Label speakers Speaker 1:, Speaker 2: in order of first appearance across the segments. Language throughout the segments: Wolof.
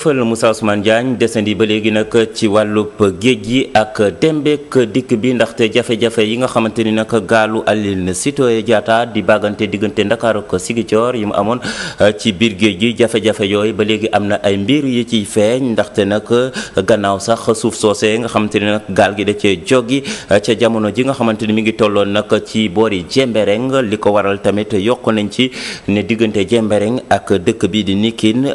Speaker 1: fël Moussa Ousmane Diagne desandi ba léegi nag ci wàllub géej gi ak dembeek dikk bi ndaxte jafe-jafe yi nga xamante ni nag gaalu Aline Sitoé jaata di bàggante diggante Ndakaaru ak Sigicoor yi mu amoon eh, ci biir géej gi jafe-jafe yooyu ba léegi am na ay mbir yi ciy feeñ ndaxte nag eh, gannaaw sax suuf soose nga xamante ni gaal gi da cee joggi eh, ca jamono ji nga xamante ni mi ngi tolloon nag ci boori Jembereng li ko waral tamit yokk nañ ci ne diggante Jembereng ak dëkk bi di Nikin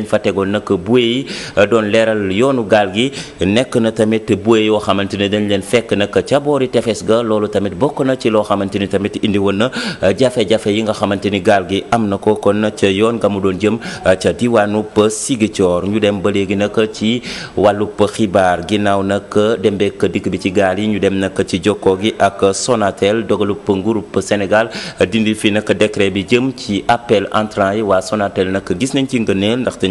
Speaker 1: lañ fa tegoon nag buwe yi euh, doon leeral yoonu gaal gi nekk na tamit buwe yoo xamante ne dañ leen fekk nag ca boori tefes ga loolu tamit bokk na ci loo xamante ni tamit indi woon na euh, jafe-jafe yi nga xamante ni gaal gi am na ko kon ca yoon nga mu doon jëm euh, ca diwaanu Sigicoor ñu dem ba léegi nag ci wàllub xibaar ginnaaw nag dem beek dikk bi ci gaal yi ñu dem nag ci jokkoo gi ak Sonatel dogalub nguurub Sénégal dindi fi nag décret bi jëm ci appel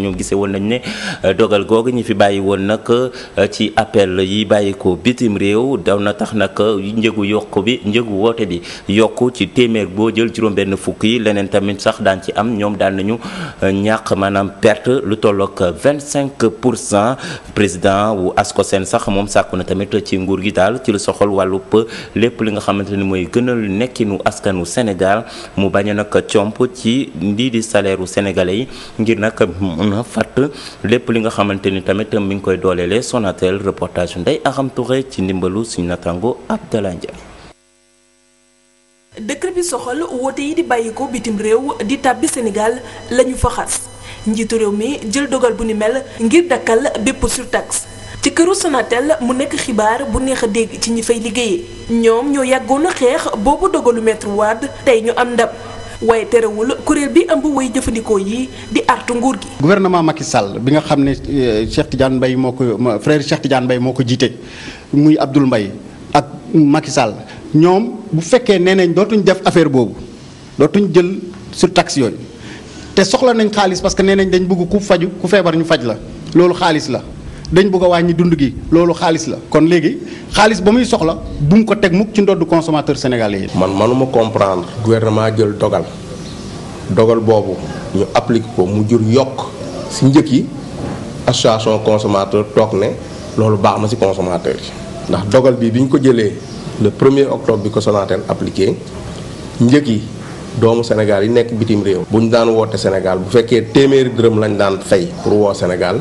Speaker 1: ñu gisee woon nañ ne euh, dogal googu ñi fi bàyyi woon nag euh, ci appel yi bàyyi ko bitim réew daw na tax nag euh, njëgu yokk bi njëgu woote bi yokk ci téeméer boo jël juróom-benn fukk yi leneen tamit sax daan ci am ñoom daan nañu ñàkk maanaam perte lu tollook 25 pour cent président wu ASCOSEN sax moom sàkku na tamit ci nguur gi daal ci lu soxal wàllub lépp li nga xamante ni mooy gënal nekkinu askanu Sénégal mu bañ a nag comp ci lii di salaire u yi ngir nag mën a lépp li nga xamante ni tamit mi ngi koy dooleele Sonatel reportage Ndeye Aram Touré ci ndimbalu suñu natango Abdallah Ndiaye
Speaker 2: décret bi soxal woote yi di bàyyi ko bitim réew di tàbbi senegal la ñu fa xas njiitu réew mi jël dogal bu ni mel ngir dakkal bépp surtaxe ci këru Sonatel mu nekk xibaar bu neex a dégg ci ñi fay liggéeyee ñoom ñoo yàggoon a xeex boobu dogalu maître Wade tey ñu am ndam waaye terewul kuréel bi ëmb way jëfandikoo yi di artu nguur gi.
Speaker 3: gouvernement Macky Sall bi nga xam ne euh, Cheikh Tidiane mbay moo ko frère Cheikh Tidiane Mbaye moo ko jiite muy Abdoul mbay ak Macky Sall ñoom bu fekkee nee nañ dootuñ def affaire boobu dootuñ jël sur taxe yooyu te soxla nañ xaalis parce que nee nañ dañ bëgg ku faju ku feebar ñu faj la loolu xaalis la. dañ bëgg a ñi dund gi loolu xaalis la kon léegi
Speaker 4: xaalis ba muy soxla bu mu ko teg mukk ci ndodd consommateur sénégalais yi. man manuma comprendre gouvernement jël dogal dogal boobu ñu applique ko mu jur yokk si njëkk yi association consommateur toog ne loolu baax ma si consommateur yi ndax dogal bi bi ñu ko jëlee le premier octobre bi ko Sonatel appliqué njëkk yi doomu Sénégal yi nekk bitim réew. bu ñu daan woote Sénégal bu fekkee téeméeri dërëm lañ daan fay pour woo Sénégal.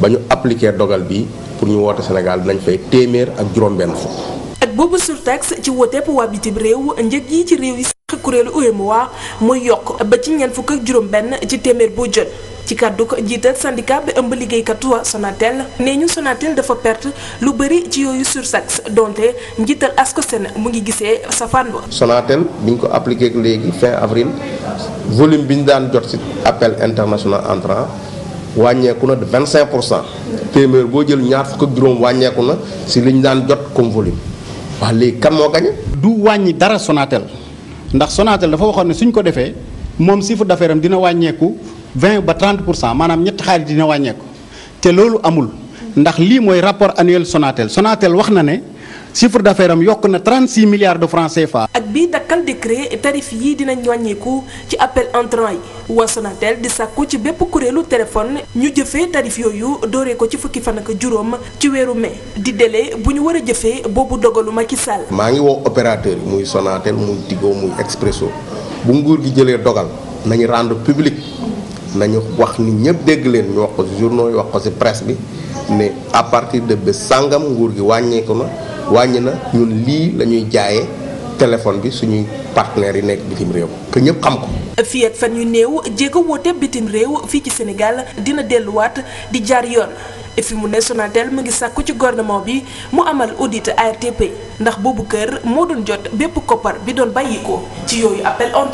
Speaker 4: ba ñu appliquer dogal bi pour ñu woote bi dinañ fay téeméer ak juróom-benn fukk.
Speaker 2: ak boobu surtaxe ci wootepp waa bitim réew njëg yi ci réew yi sax kuréelu UEMOA mooy yokk ba ci ñeent fukk ak juróom-benn ci téeméer boo jot. ci kàddu ko jiital syndicat bi ëmb liggéeykat wa Sonatel nee ñu Sonatel dafa perte lu bëri ci yooyu surtaxe donte njiital asko seen mu ngi gisee safaan ba.
Speaker 4: Sonatel bi ko appliqué léegi fin avril volume bi ñu daan jot ci appel international entrant. wàññeeku na de 25 pour cent téeméer boo jël ñaar fukk ak juróom wàññeeku na si li ñu daan jot comme volume wax léegi kan moo gañe du wàññi dara Sonatel ndax sonateel
Speaker 3: dafa waxoon ne suñ ko defee moom chiffre d'affaires am dina wàññeeku vingt ba 30 pour cent maanaam ñetti xaalis dina wàññeeku te loolu amul ndax lii mooy rapport annuel Sonatel Sonatel wax na ne. chiffre d'affaires am yokk na 36 milliards de francs CFA. ak
Speaker 2: bii dakkal décret tarif yi dinañ wàññeeku ci appel entrant yi waa Sonatel di sàkku ci bépp kuréelu téléphone ñu jëfee tarif yooyu dooree ko ci fukki fan ak juróom ci weeru mai di délai bu ñu war a jëfee boobu dogalu ki Sall.
Speaker 4: maa ngi woo opérateur yi muy Sonatel muy Tigo muy Expresso bu nguur gi jëlee dogal nañu rendre publique nañu wax ni ñëpp dégg leen ñu wax ko ci journaux yi wax ko ci presse bi ne à partir de bés sàngam nguur gi wàññeeku na. wàññi na ñun lii la ñuy jaayee téléphone bi suñuy partenaires yi nekk bitim réew que ñëpp xam ko.
Speaker 2: fii ak fan yu néew jéego woote bitim réew fii ci Sénégal dina delluwaat di jaar yoon fi mu ne mu ngi sàkku ci gouvernement bi mu amal audit ARTP ndax boobu kër moo doon jot bépp koppar bi doon bàyyi ko ci yooyu appel